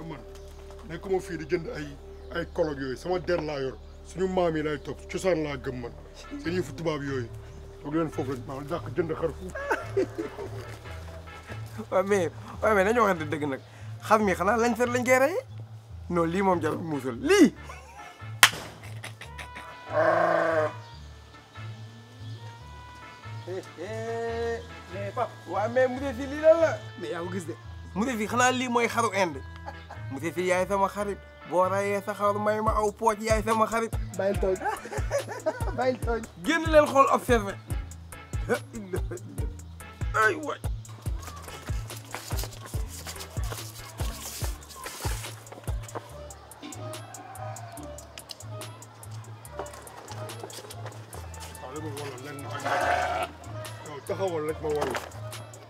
comme man nekkuma fii di jënd ay ay kolog yooyu sama der laa yor suñu maam lay topp cosaan laa gëm man seen tubaab yooyu toog leen foofu rek maanaam dàq jënd mi xanaa lañ fer lañ koy rey non lii moom jarul muusul lii. Eh, eh, mais Pape. mu dee fii lii lan la. mais yaa ko gis de. mu dee fii xanaa lii mooy xaru Inde. monsieur Sy yaay sama xarit boo rayee saxaar may ma aw pooj yaay sama xarit. bàyyil tooñ bàyyil tooñ. génn leen xool observé. ay waay. waaw li ma waroon lenn ma taxawal rek ma waroon.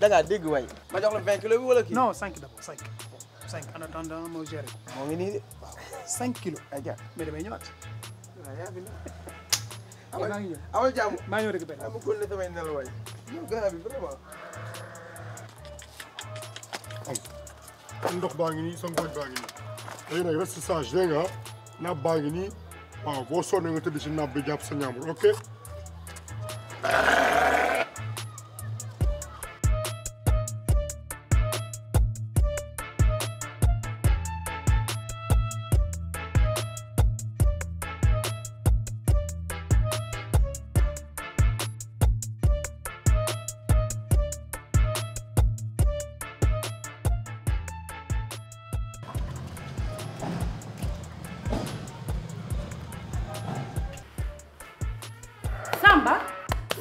da ngaa dégg waay. ma jox la 20 kilos bi wala kii. non 5 d'abord 5 5 en attendant moo géré. moo ngi nii de waaw 5 kilos. ay ja mais damay ñëwaat. waaw yaa ngi nii. maa ngi ñëw amal jàmm maa ñëw rek benn. ah ma góor la samay nelaw waay. yow garab bi vraiment. am ndox baa ngi nii sangoñ baa ngi nii. léegi nag reste sage dégg nga naab baa ngi nii waaw boo sonnee nga tëdd si naab bi jàpp sa ñaamur ok.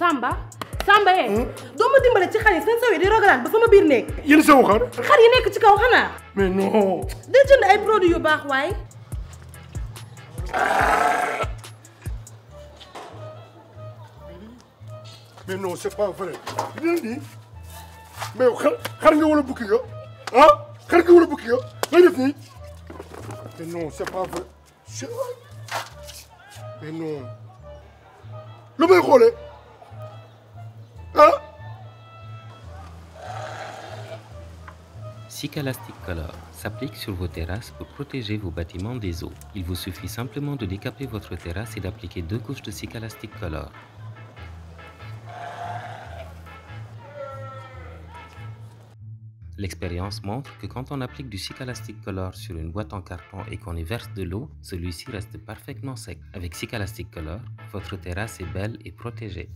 Samba Samba yee. Hmm? doo ma ci xar yi seen ba sama biir nekk. yéen sawu xar. xar yi nekk ci kaw xanaa. mais non. day jënd ay produits yu baax waaye. mais non c'est pas vrai dinañ ah? nii mais non c'est pas vrai mais non lu may xoolee. Cicalastic Color s'applique sur vos terrasses pour protéger vos bâtiments des eaux. Il vous suffit simplement de décaper votre terrasse et d'appliquer deux couches de Cicalastic Color. L'expérience montre que quand on applique du Cicalastic Color sur une boîte en carton et qu'on y verse de l'eau, celui-ci reste parfaitement sec. Avec Cicalastic Color, votre terrasse est belle et protégée.